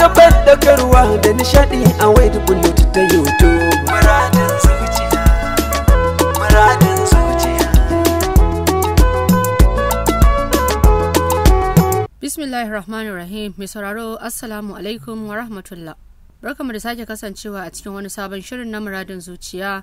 da da nishadi a da bullet ta youtube muradin zuciya muradin zuciya bismillahir rahmanir rahim mai sauraro assalamu alaikum wa rahmatullah barkamu da sake kasancewa a cikin wani sabon shirin na muradin zuciya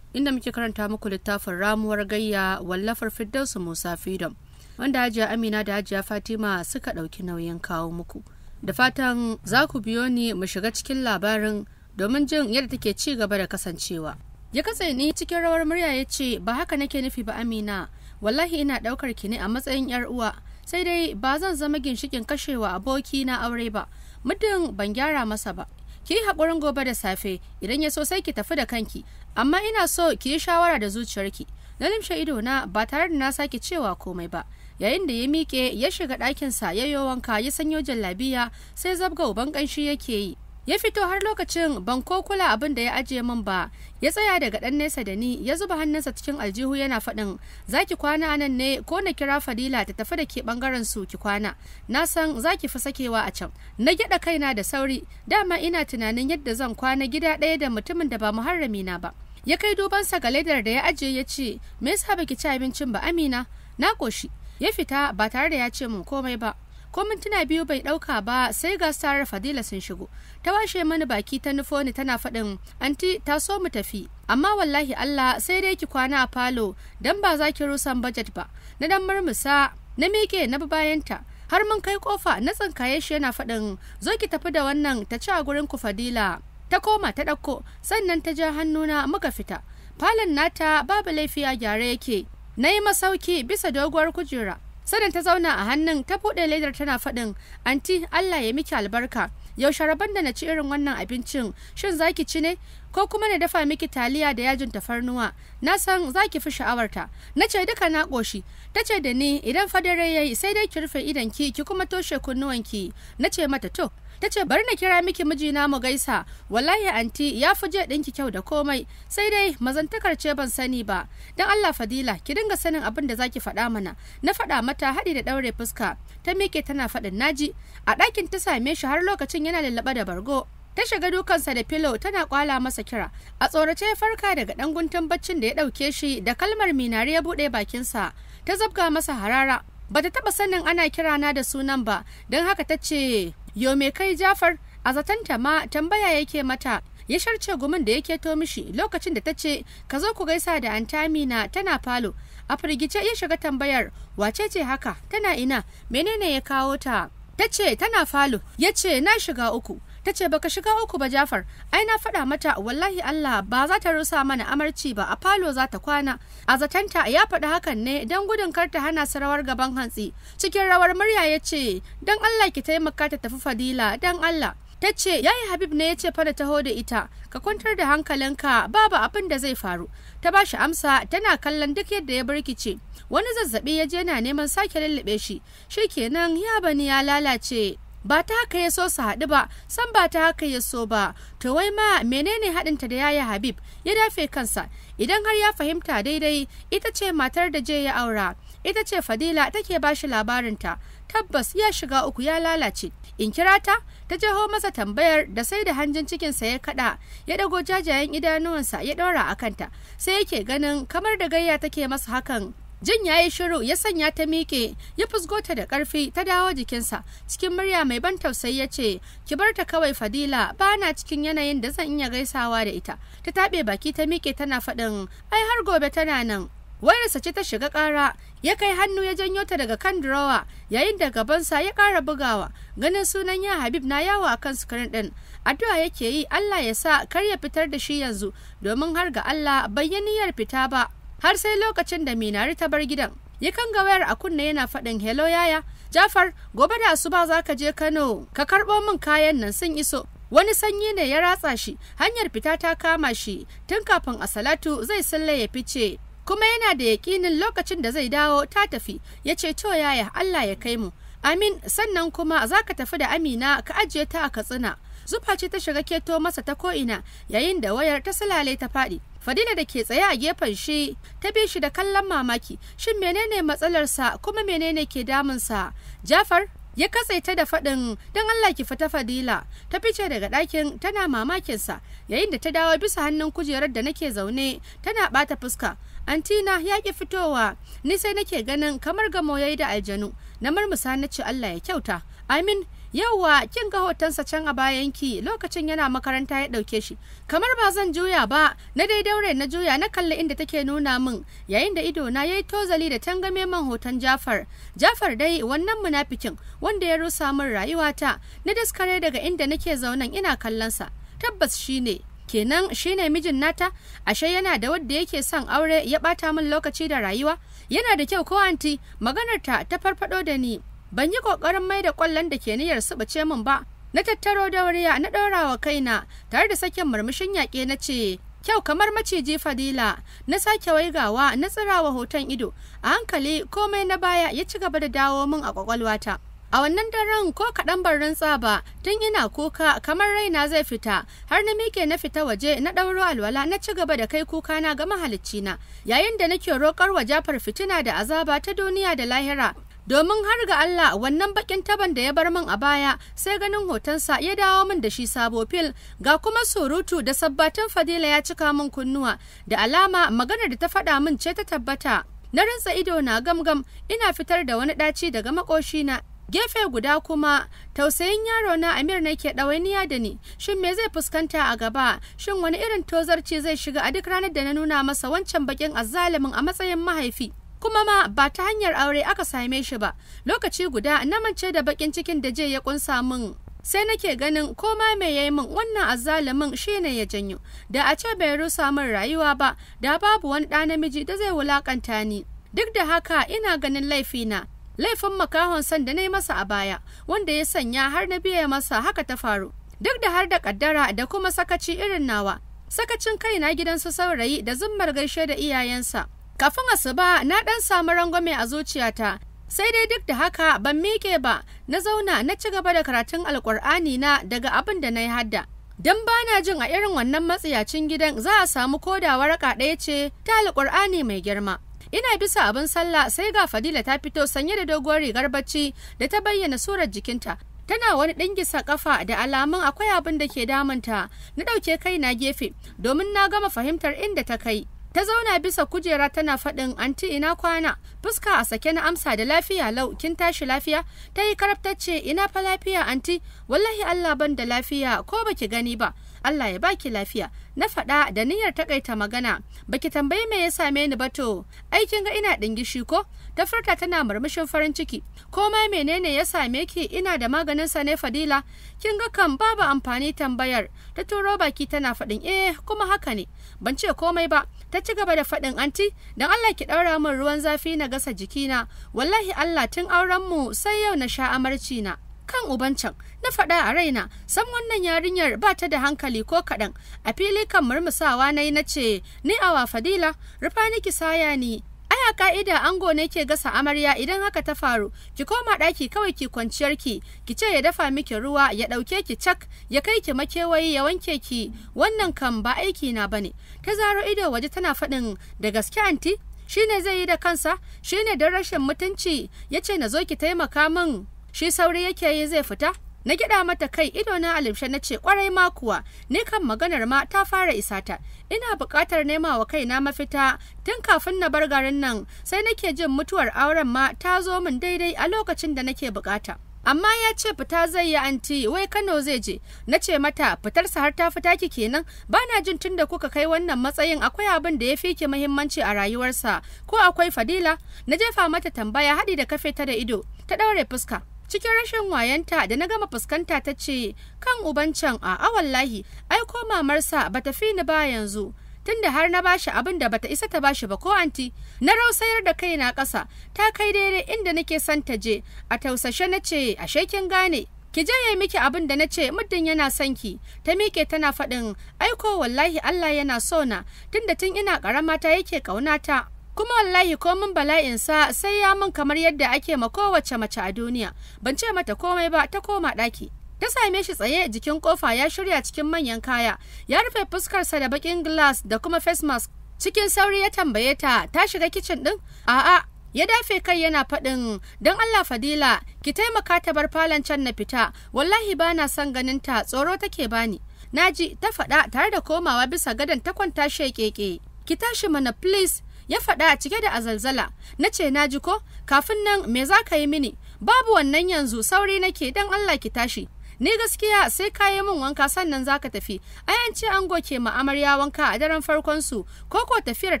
inda muke karanta muku littafin ramuwar gayya wallafar firdausu musa freedom wanda hajiya amina da hajiya fatima suka ɗauki nauyin kawo muku Da fatan za ku biyo ni mu shiga cikin labarin domin jin yadda take ci gaba da kasancewa. Ya katse ni cikin rawar murya ya ce ba haka nake nufi ba Amina, wallahi ina ɗaukar ki ne a matsayin 'yar uwa, sai dai ba zan zama ginshikin kashewa aboki na aure ba, muddin ban gyara masa ba. ki haƙurin gobe da safe idan ya so sai ki tafi da kanki amma ina so ki yi shawara da zuciyarki na limshe ido na ba tare da na sake cewa komai ba yayin da ya miƙe ya shiga ɗakinsa ya yi wanka ya sanyo jallabiya sai zabga uban ƙanshi yake yi ya fito har lokacin ban ko kula abin da ya ajiye min ba ya tsaya daga ɗan nesa da ni ya zuba hannunsa cikin aljihu yana faɗin za ki kwana a nan ne ko na kira fadila ta tafi da ke ɓangaren su ki kwana na san za ki fi sakewa a can na gyaɗa kaina da sauri dama ina tunanin yadda zan kwana gida ɗaya da mutumin da ba muharrami na ba ya kai dubansa ga ledar da ya ajiye ya ce me yasa baki ci abincin ba amina na ƙoshi ya fita ba tare da ya ce min komai ba ko mintuna biyu bai dauka ba sai ga sarar fadila sun shigo ta washe mani baki ta Nufoni tana faɗin anti ta so mu tafi amma wallahi allah sai dai ki kwana a falo dan ba za ki rusan budget ba na dan murmusa na miƙe na bayanta har mun kai kofa na tsinkaye shi yana faɗin zo ki tafi da wannan ta ci a gurin ku fadila ta koma ta ɗauko sannan ta ja hannuna muka fita falon nata babu laifi a gyara yake na yi masauki bisa doguwar kujera sanin ta zauna a hannun ta buɗe ledar tana faɗin anti allah ya miki albarka yau sharaban da na ci irin wannan abincin shin zaki ci ne ko kuma na dafa miki taliya da yajin tafarnuwa na san zaki fi sha'awarta na ce duka na ƙoshi ta ce da ni idan fadare yayi sai dai ki rufe idan ki kuma toshe kunnuwanki na ce mata to ta ce bar na kira miki mijina mu gaisa wallahi anti ya fi je ɗinki kyau da komai sai dai mazantakar ce ban sani ba don allah fadila ki dinga sanin abin da zaki faɗa mana na faɗa mata haɗi da ɗaure fuska ta miƙe tana faɗin naji a ɗakin ta same shi har lokacin yana lallaɓa da bargo ta shiga dukansa da filo tana kwala masa kira a tsorace ya farka daga ɗan guntun baccin da ya ɗauke shi da kalmar minari ya buɗe bakinsa ta zabga masa harara bata taɓa sanin ana kirana da sunan ba don haka ta ce yo me kai jafar a zaton ta ma tambaya yake mata ya sharce gumin da yake to mishi lokacin da ta ce ka zo ku gaisa da antamina tana falo a firgice ya shiga tambayar wace ce haka tana ina menene ya kawo ta ta ce tana falo ya ce na shiga uku ta ce baka shiga uku ba Jafar ai na faɗa mata wallahi Allah ba za ta rusa mana amarci ba a falo za ta kwana a zatanta ya faɗi hakan ne don gudun kar ta hana su rawar gaban hantsi cikin rawar murya ya ce don Allah ki taimaka ta tafi fadila don Allah ta ce yayi habib ne ya ce fa da taho da ita ka kwantar da hankalinka babu abin da zai faru ta ba shi amsa tana kallon duk yadda ya birkice wani zazzabi ya je na neman sake lullube shi shikenan ya bani ya lalace ba ta haka ya so su haɗu ba san ba ta haka ya so ba to wai ma menene ta da yaya habib ya dafe kansa idan har ya fahimta daidai ita ce matar da je ya aura ita ce fadila take ba shi labarinta tabbas ya shiga uku ya lalace in kira ta ta jaho masa tambayar da sai da hanjin cikinsa ya kada ya dago jajayen idanuwansa ya ɗora a kanta sai yake ganin kamar da gayya take masa hakan Jin ya yi shiru ya sanya ta miƙe, ya fusgo ta da ƙarfi ta dawo jikinsa. Cikin murya mai ban tausayi ya ce, "Ki bar ta kawai Fadila, ba na cikin yanayin da zan iya gaisawa da ita." Ta taɓe baki ta miƙe tana faɗin, "Ai har gobe tana nan." Wayarsa ce ta shiga ƙara, ya kai hannu ya janyo ta daga kan durowa, yayin da gabansa ya ƙara bugawa. Ganin sunan ya Habib na yawo a kan sukarin ɗin. addu'a yake yi Allah ya sa kar ya fitar da shi yanzu domin har ga Allah bayyaniyar fita ba har sai lokacin da minari ta bar gidan ya ga wayar a kunne yana faɗin hello yaya jafar gobe da asuba za ka je kano ka karɓo min kayan nan sun iso wani sanyi ne ya ratsa shi hanyar fita ta kama shi tun kafin a salatu zai salle ya fice kuma yana da yaƙinin lokacin da zai dawo ta tafi ya ce to yaya allah ya kai mu amin sannan kuma za ka tafi da amina ka ajiye ta a katsina zufa ce ta shiga keto masa ta ko'ina yayin da wayar ta salale ta faɗi fadila da ke tsaye a gefen shi ta bi shi da kallon mamaki shin menene matsalarsa kuma menene ke damunsa jafar ya katse ta da faɗin don Allah ki fita fadila ta fice daga ɗakin tana mamakinsa yayin da ta dawo bisa hannun kujerar da nake zaune tana ɓata fuska antina ya ki fitowa ni sai nake ganin kamar gamo yi da aljanu na marmusa na ce Allah ya kyauta amin yauwa kin ga hotonsa can a bayan ki lokacin yana makaranta ya ɗauke shi kamar ba zan juya ba na dai daure na juya na kalli inda take nuna min yayin da ido na yayi tozali da tangame man hoton Jafar Jafar dai wannan munafikin wanda ya rusa min rayuwata na daskare daga inda nake zaunan ina kallonsa. tabbas shine kenan shine mijin nata ashe yana da wadda yake son aure ya bata min lokaci da rayuwa yana da kyau ko anti maganar ta ta farfado da ni ban yi ƙoƙarin mai da kwallon da ke niyyar su bace min ba na tattaro dauriya na ɗora wa kaina tare da sakin murmushin yaƙe na ce kyau kamar maciji fadila na sake waigawa na tsirawa hoton ido a hankali komai na baya ya ci gaba da dawo min a kwakwalwata a wannan daren ko kaɗan ban rantsa ba tun ina kuka kamar raina zai fita har na mike na fita waje na ɗauro alwala na ci gaba da kai kuka na ga mahalicci na yayin da nake roƙar wa jafar fitina da azaba ta duniya da lahira domin har ga Allah wannan bakin taban da ya bar min a baya sai ganin hotonsa ya dawo min da shi sabo fil ga kuma surutu da sabbatan fadila ya cika min kunnuwa da alama maganar da ta faɗa min ce ta tabbata na rinsa ido na gamgam ina fitar da wani ɗaci daga makoshina gefe guda kuma tausayin yaro na amir nake ɗawainiya da ni shin me zai fuskanta a gaba shin wani irin tozarci zai shiga a duk ranar da na nuna masa wancan bakin azzalumin a matsayin mahaifi kuma ma ba ta hanyar aure aka same shi ba lokaci guda na mance da bakin cikin da je ya kunsa min sai nake ganin koma mai yayi min wannan azzalumin shine ya janyo da a ce bai rusa min rayuwa ba da babu wani ɗa namiji da zai wulakanta ni duk da haka ina ganin laifina laifin makahon san da na yi masa a baya wanda ya sanya har na biya masa haka ta faru duk da har da kaddara da kuma sakaci irin nawa sakacin kai na gidan su saurayi da zummar gaishe da iyayensa Kafin asuba na ɗan samu rangwame a zuciyata, sai dai duk da haka ban miƙe ba, na zauna na ci gaba da karatun alƙur'ani na daga abin da na yi hadda. Don bana jin a irin wannan matsiyacin gidan za a samu koda waraka ɗaya ce ta alƙur'ani mai girma. Ina bisa abin sallah sai ga Fadila ta fito sanye da doguwar rigar bacci da ta bayyana surar jikinta. Tana wani ɗingisa kafa da alamun akwai abin da ke damunta. Na ɗauke kai na gefe domin na gama fahimtar inda ta kai. ta zauna bisa kujera tana faɗin anti ina kwana fuska a sake na amsa da lafiya lau kin tashi lafiya ta yi karabtacce ina fa lafiya anti wallahi Allah ban da lafiya ko baki gani ba Allah ya baki lafiya na faɗa da niyyar takaita magana baki tambayi me ya same ni ba to aikin kin ga ina dingishi ko ta furta tana murmushin farin ciki Koma menene ya same ki ina da maganin sa ne fadila kin ga kan babu amfani tambayar ta turo baki tana faɗin eh kuma haka ne ban ce komai ba ta ci gaba da faɗin anti dan Allah ki ɗaura min ruwan zafi na gasa jikina wallahi Allah tun auren mu sai yau na sha amarci na kan ubancan na faɗa a raina san wannan yarinyar ba ta da hankali ko kaɗan a fili kan murmusawa na yi na ce ni awa fadila rufa niki saya ni aya ka'ida ango ne ke gasa amarya idan haka ta faru ki koma ɗaki kawai ki kwanciyar ki ki ce ya dafa miki ruwa ya ɗauke ki cak ya kai ki makewayi ya wanke ki wannan kan ba aiki na bane ta zaro ido waje tana faɗin da gaske anti shine zai yi da kansa shine don rashin mutunci ya ce na zo ki taimaka min shi sauri yake yi zai fita na gida mata kai ido na alimshe na ce kwarai ma kuwa ni kan maganar ma ta fara isata ina bukatar nema wa kai na mafita tun kafin na bar garin nan sai nake jin mutuwar auren ma ta zo min daidai a lokacin da nake bukata amma ya ce fita zai yi anti wai kano zai je na ce mata fitarsa har ta fita ki kenan ba na jin tun da kuka kai wannan matsayin akwai abin da ya fi ki muhimmanci a rayuwarsa ko akwai fadila na jefa mata tambaya haɗi da kafe ta da ido ta ɗaure fuska cikin rashin wayanta da na gama fuskanta ta ce kan uban can, a awallahi aiko mamarsa ba ta fi ni ba yanzu tunda har na bashi abin da bata isa ta bashi ba ko anti na rausayar da kaina ƙasa ta kai daidai inda nake son ta je a tausashe na ce ashe kin gane ki je yayi miki abin da na ce muddin yana son ki ta miƙe tana faɗin aiko wallahi Allah yana so na tunda tun ina ƙarama ta yake ƙaunata kuma wallahi ko mun bala'insa sai ya mun kamar yadda ake ma kowace mace a duniya ban ce mata komai ba ta koma ɗaki ta same shi tsaye jikin kofa ya shirya cikin manyan kaya ya rufe fuskarsa da bakin glass da kuma face mask cikin sauri ya tambaye ta ta shiga kicin din a'a ya dafe kai yana faɗin don Allah fadila ki taimaka ta bar falon can na fita wallahi ba na son ganin ta tsoro take bani naji ta faɗa tare da komawa bisa gadon ta kwanta shekeke ki tashi mana please ya faɗa cike da azalzala na ce na ji ko kafin nan me za ka yi mini babu wannan yanzu sauri nake dan Allah ki tashi ni gaskiya sai ka yi min wanka sannan za ka tafi ayan ce an goke ma amarya wanka a daren farkon su ko ko tafiyar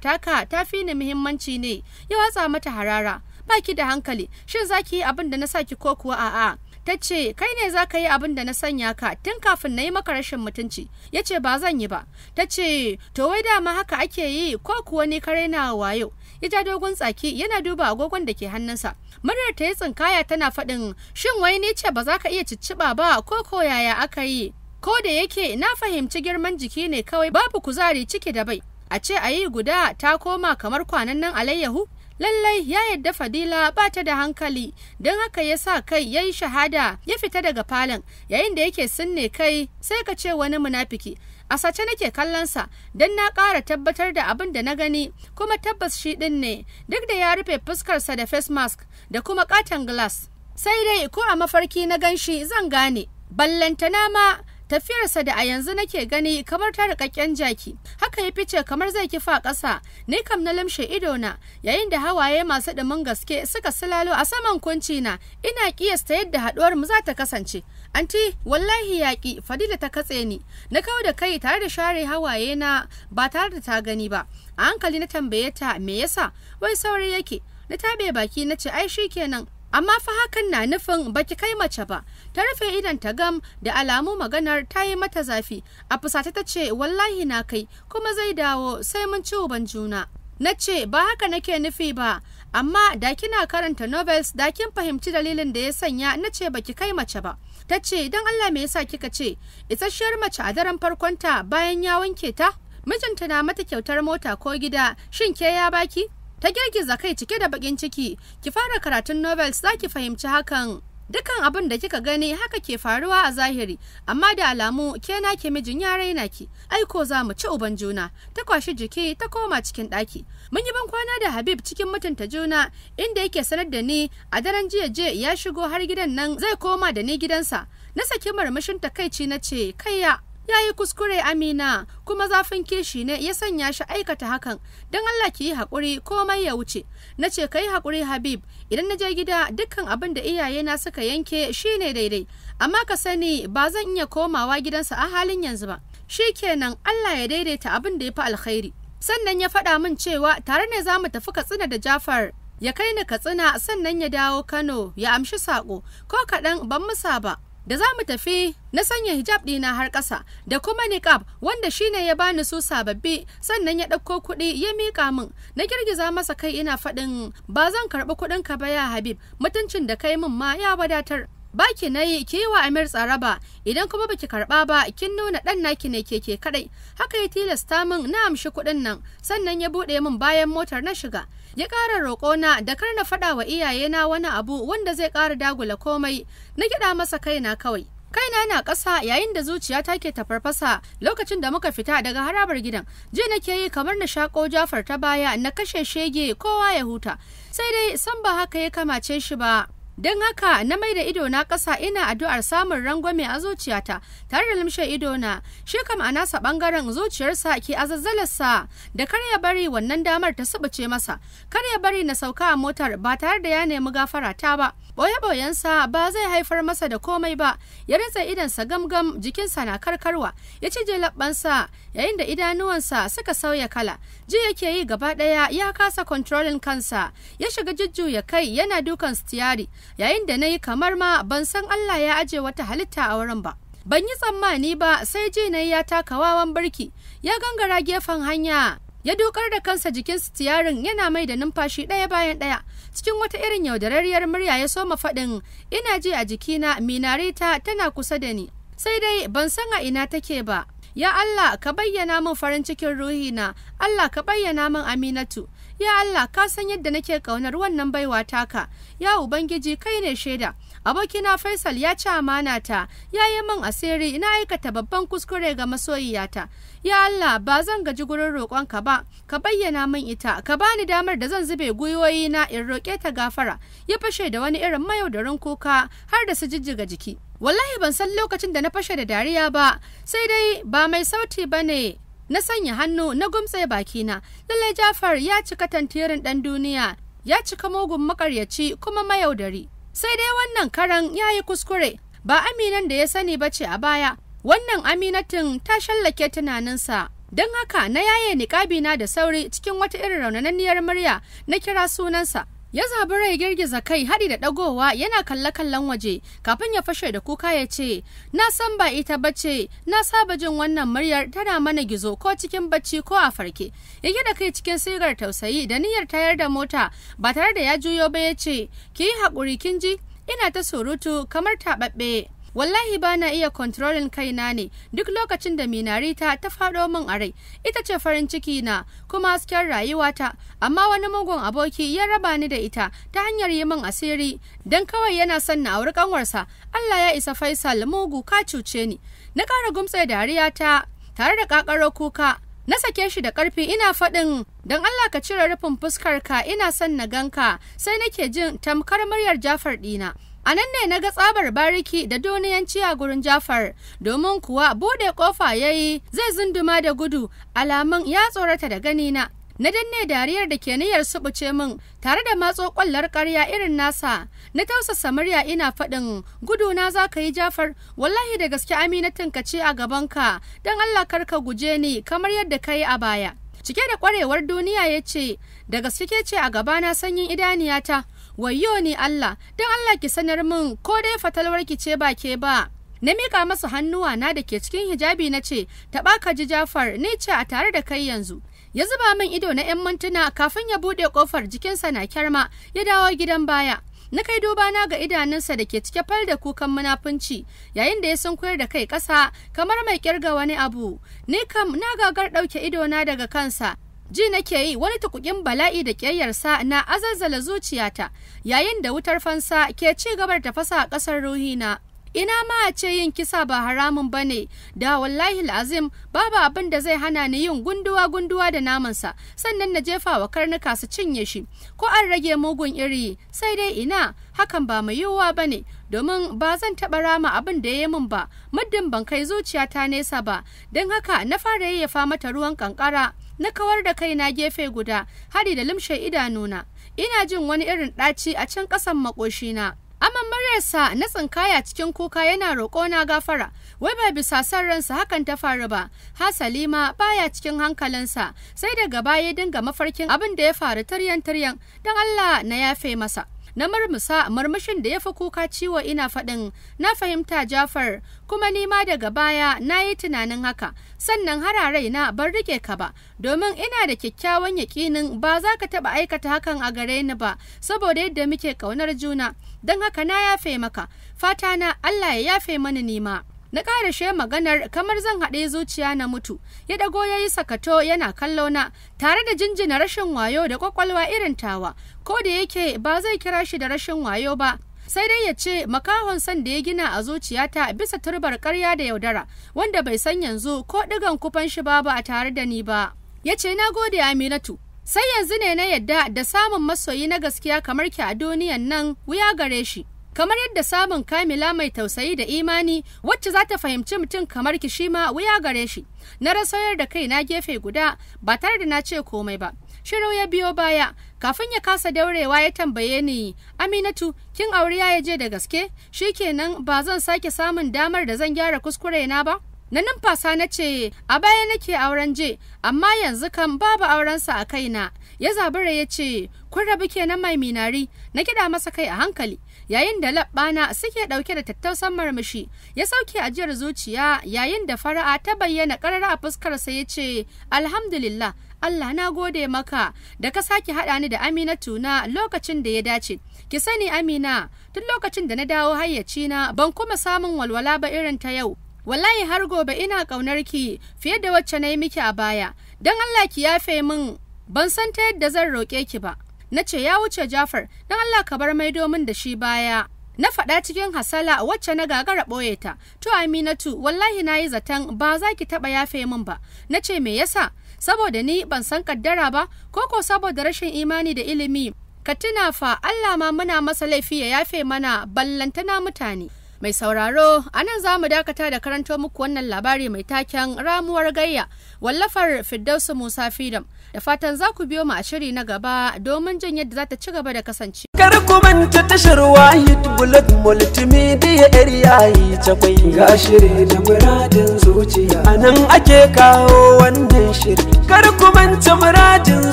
taka ta fi ni muhimmanci ne ya watsa mata harara baki da hankali shin za ki yi abin da na saki ko kuwa a'a ta ce kai ne za ka yi abin da na sanya ka tun kafin na yi maka rashin mutunci ya ce ba zan yi ba ta ce to wai dama haka ake yi ko kuwa ne kare na wayo ya ja dogon tsaki yana duba agogon da ke hannunsa muryar ta yi tsinkaya tana faɗin shin wai ni ce ba za ka iya cicciɓa ba ko ko yaya aka yi ko da yake na fahimci girman jiki ne kawai babu kuzari ciki da bai a ce a yi guda ta koma kamar kwanan nan alayyahu lallai ya yadda fadila ba ta da hankali don haka ya sa kai ya yi shahada ya fita daga falon yayin da yake sinne kai sai ka ce wani munafiki a sace nake kallonsa don na ƙara tabbatar da abin da na gani kuma tabbas shi ɗin ne duk da ya rufe fuskarsa da face mask da kuma katon glass sai dai ko a mafarki na ganshi zan gane ballantana ma tafiyarsa da a yanzu nake gani kamar ta rikakken jaki haka ya fice kamar zai kifa ƙasa ni kam na lamshe ido na yayin da hawaye masu ɗumin gaske suka silalo a saman kunci na ina kiyasta yadda haɗuwar mu za ta kasance anti wallahi yaƙi fadila ta katse ni na kawo da kai tare da share hawaye na ba tare da ta gani ba a hankali na tambaye ta me yasa wai saurayi yake na tabe baki na ce ai kenan amma fa hakan na nufin baki kai mace ba ta rufe idan ta gam da alamu maganar ta yi mata zafi a fusata ta ce wallahi na kai kuma zai dawo sai mun ci uban juna na ce ba haka nake nufi ba amma da kina karanta novels da kin fahimci dalilin da ya sanya na ce baki kai mace ba ta ce don allah me yasa kika ce isasshiyar mace a daren farkonta bayan ya wanke ta mijinta na mata kyautar mota ko gida shin ke ya baki ta girgiza kai cike da bakin ciki ki fara karatun novels za ki fahimci hakan dukan abin da kika gani haka ke faruwa a zahiri amma da alamu ke na ke mijin ya raina ki aiko za mu ci uban juna ta kwashi jiki ta koma cikin ɗaki mun yi ban kwana da habib cikin mutunta juna inda yake sanar da ni a daren jiya je ya shigo har gidan nan zai koma da ni gidansa na saki marmashin takaici na ce kaiya. ya yi kuskure amina kuma zafin kishi ne ya sanya shi aikata hakan don allah ki yi haƙuri komai ya wuce na ce ka yi haƙuri habib idan na je gida dukkan abin da iyayena suka yanke shine daidai amma ka sani ba zan iya komawa gidansa a halin yanzu ba Shi kenan allah ya daidaita abin da ya fi alkhairi sannan ya faɗa min cewa tare ne za mu tafi katsina da jafar ya kai ni katsina sannan ya dawo kano ya amshi saƙo ko kaɗan ban musa ba da za mu tafi na sanya hijab ɗina har ƙasa da kuma niqab wanda shine ya bani su sababbi sannan ya ɗauko kuɗi ya miƙa min na girgiza masa kai ina faɗin ba zan karɓi kuɗin ka ba ya habib mutuncin da kai min ma ya wadatar baki yi ki yi wa Amir tsaraba idan kuma baki karɓa ba kin nuna ɗan naki ne keke kaɗai. haka ya tilasta min na amshi kuɗin nan sannan ya buɗe min bayan motar na shiga ya ƙara roƙona da kar na faɗa wa iyayena wani abu wanda zai ƙara dagula komai na gida masa kaina kawai kaina na ƙasa yayin da zuciyata ke tafarfasa lokacin da muka fita daga harabar gidan je ke yi kamar na shaƙo jafar ta baya na kashe shege kowa ya huta sai dai san ba haka ya kamace shi ba don haka na mai da ido na ƙasa ina addu'ar samun rangwame a zuciyata tare da limshe ido na shi kam a nasa ɓangaren zuciyarsa ke azazzalarsa da kar ya bari wannan damar ta subuce masa kar ya bari na sauka a motar ba tare da ya nemi gafara ta ba Boye-boyensa ba zai haifar masa da komai ba, ya rinsa idansa gamgam jikinsa na karkarwa, ya cije labbansa yayin da idanuwansa suka sauya kala. Ji yake yi gaba ɗaya ya kasa kontrolin kansa, ya shiga jujjuya kai yana dukan stiyari, yayin da na yi kamar ma ban san Allah ya aje wata halitta a wurin ba. Ban yi tsammani ba sai ji na ya taka wawan birki, ya gangara gefen hanya, ya dukar da kansa jikin sitiyarin yana mai da numfashi ɗaya bayan ɗaya cikin wata irin yaudararriyar murya ya soma faɗin ina ji a jikina minarita tana kusa da ni sai dai ban san a ina take ba ya Allah ka bayyana min farin cikin ruhina Allah ka bayyana min aminatu ya Allah ka san yadda nake kaunar wannan baiwa taka ya ubangiji kai ne shaida abokina Faisal ya ci amana ta ya yi min asiri ina aikata babban kuskure ga masoyiyata ya Allah ba zan gaji gurin roƙonka ba ka bayyana min ita ka bani damar da zan zube gwiwoyi na in roƙe ta gafara ya fashe da wani irin mayaudarin kuka har da su jijjiga jiki wallahi ban san lokacin da na fashe da dariya ba sai dai ba mai sauti ba ne na sanya hannu na gumtse bakina lallai jafar ya cika tantirin ɗan duniya ya cika mugun makaryaci kuma mayaudari sai dai wannan karan ya yi kuskure ba aminan da ya sani ba ce a baya wannan aminatin ta shallake tunaninsa don haka na yaye niƙabi na da sauri cikin wata irin raunananniyar murya na kira sunansa ya zaɓi rai girgiza kai haɗi da ɗagowa yana kalle-kallon waje kafin ya fashe da kuka ya ce na san ba ita bace na saba jin wannan muryar tana mana gizo ko cikin bacci ko a farke ya da kai cikin sigar tausayi da niyyar tayar da mota ba tare da ya juyo ba ya ce ki yi haƙuri kin ji ina ta surutu kamar taɓaɓɓe wallahi ba na iya controlling kaina ne duk lokacin da minarita ta faɗo min a rai ita ce farin ciki na kuma hasken rayuwata amma wani mugun aboki ya raba ni da ita ta hanyar yi min asiri dan kawai yana son na auri kanwarsa Allah ya isa Faisal mugu ka cuce ni na ƙara gumtse dariya ta tare da ƙaƙaro kuka na sake shi da karfi ina faɗin don Allah ka cire rufin fuskar ka ina son na ganka sai nake jin tamkar muryar Jafar ɗina. A nan ne na ga tsabar bariki da doniyanci a gurin Jafar, domin kuwa bude kofa ya yi zai zunduma da gudu alamun ya tsorata da ganina. Na danne dariyar da ke niyyar subuce min tare da matso kwallar karya irin nasa, na tausasa murya ina faɗin gudu na za ka yi Jafar, wallahi da gaske aminatin ka ce a gabanka, don Allah kar ka guje ni kamar yadda ka yi a baya. Cike da kwarewar duniya ya ce, da gaske ke ce a gabana sanyin idaniyata. wayo ne Allah don Allah ki sanar min ko dai fatalwar ki ce ba ke ba na miƙa masa hannuwa na da ke cikin hijabi na ce taɓa ka ji Jafar ni ce a tare da kai yanzu ya zuba min ido na 'yan mintuna kafin ya buɗe ƙofar jikinsa na kyarma ya dawo gidan baya na kai duba na ga idanunsa da ke cike fal da kukan munafunci yayin da ya sunkuyar da kai ƙasa kamar mai kirga wani abu ni kam na gagar ɗauke idona daga kansa ji nake yi wani tukukin bala'i da ƙeyarsa na azazzala zuciyata yayin da wutar fansa ke ci gabar tafasa a ƙasar ruhina ina ma ce yin kisa ba haramun ba ne da wallahi azim babu abin da zai hana ni yin gunduwa gunduwa da namansa sannan na jefa wa karnuka su cinye shi ko an rage mugun iri sai dai ina hakan ba mai yiwuwa ba ne domin ba zan taɓa rama abin da ya yi min ba muddin ban kai zuciyata nesa ba don haka na fara yayyafa mata ruwan kankara na kawar da kaina gefe guda hari da limshe idanuna ina jin wani irin ɗaci a can ƙasan makoshina aman muryarsa na tsinkaya cikin kuka yana roƙo na gafara wai ba bisa san ransa hakan ta faru ba hasali ma baya cikin hankalinsa sai daga baya dinga mafarkin abin da ya faru taryan taryan don allah na yafe masa na murmusa murmushin da ya fi kuka ciwo ina faɗin na fahimta jafar kuma nima daga baya na yi tunanin haka sannan hararai na ban rike ka ba domin ina da kyakkyawan yakinin ba za ka taɓa aikata hakan a gare ni ba saboda yadda muke ƙaunar juna don haka na yafe maka fata na allah ya yafe mani nima. na ƙarashe maganar kamar zan haɗe zuciya na mutu ya ɗago ya yi sakato yana kallo na tare da jinjina rashin wayo da kwakwalwa irin tawa ko da yake ba zai kira shi da rashin wayo ba sai dai ya ce makahon san da ya gina a zuciyata bisa turbar karya da yaudara wanda bai san yanzu ko ɗigan kufan shi ba a tare da ni ba ya ce na gode aminatu sai yanzu ne na yadda da samun masoyi na gaskiya kamar ki a duniyan nan wuya gare shi kamar yadda samun kamila mai tausayi da imani wacce za ta fahimci mutum kamar ki shi ma wuya gare shi na rasoyar da kai na gefe guda ba tare da na ce komai ba shiru ya biyo baya kafin ya kasa daurewa ya tambaye ni aminatu kin aure ya je da gaske Shi shikenan ba zan sake samun damar da zan gyara kuskure na ba na numfasa na ce a baya nake auren je amma yanzu kan babu aurensa a kaina ya zabura ya ce kun rabu kenan mai minari na kiɗa masa kai a hankali yayin da labbana suke ɗauke da tattausan marmashi ya sauke ajiyar zuciya yayin da fara'a ta bayyana ƙarara a fuskarsa ya ce alhamdulillah Allah na gode maka da ka sake haɗa ni da Amina tuna lokacin da ya dace. Ki sani Amina, tun lokacin da na dawo hayyaci na ban kuma samun walwala ba irin ta yau. Wallahi har gobe ina ƙaunar ki fiye da wacce na yi miki a baya. Don Allah ki yafe min ban san ta yadda zan roƙe ki ba. na ce ya wuce Jafar don Allah ka bar mai domin da shi baya. Na faɗa cikin hasala wacce na gagara ɓoye ta, to Aminatu wallahi na yi zaton ba za ki taɓa yafe min ba, na ce me yasa? Saboda ni ban san kaddara ba, ko ko saboda rashin imani da ilimi, ka tuna fa Allah ma muna masa laifi ya yafe mana ballantana mutane. Mai sauraro, a nan za mu dakata da karanto muku wannan labari mai taken ramuwar gayya, wallafar Firdausu Musa Fidam. Da fatan za ku biyo mu a shiri na gaba domin jin yadda za ta ci gaba da kasance. Kar manta tashar Wahid Bullet Multimedia Area ta kwai. Ga shiri da muradin zuciya. A nan ake kawo wannan shiri. Kar ku manta muradin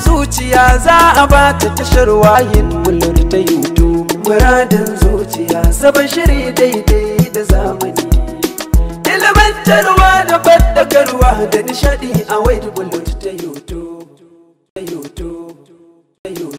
zuciya za a ba ta tashar Wahid Bullet ta YouTube. Muradin zuciya. zuciya sabon shiri daidai da zamani ilimantarwa da fadakarwa da nishadi a wade bullet ta youtube